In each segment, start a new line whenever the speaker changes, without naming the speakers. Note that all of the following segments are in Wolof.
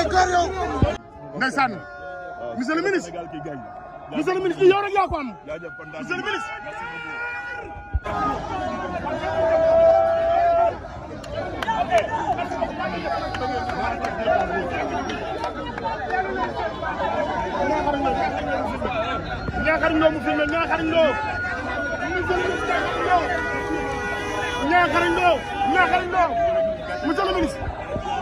ay góor yow. ndeysaan monsieur le ministre
monsieur le ministre yow rek yaa
ko am monsieur le ministre. Niakhar Ndoo mu filmé Niakhar Ndoo monsieur le ministre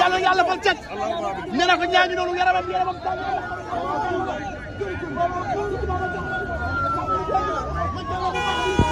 yàlla yàlla fal cat nee na ko ñaa ngi noonu yaramam yaramam tàng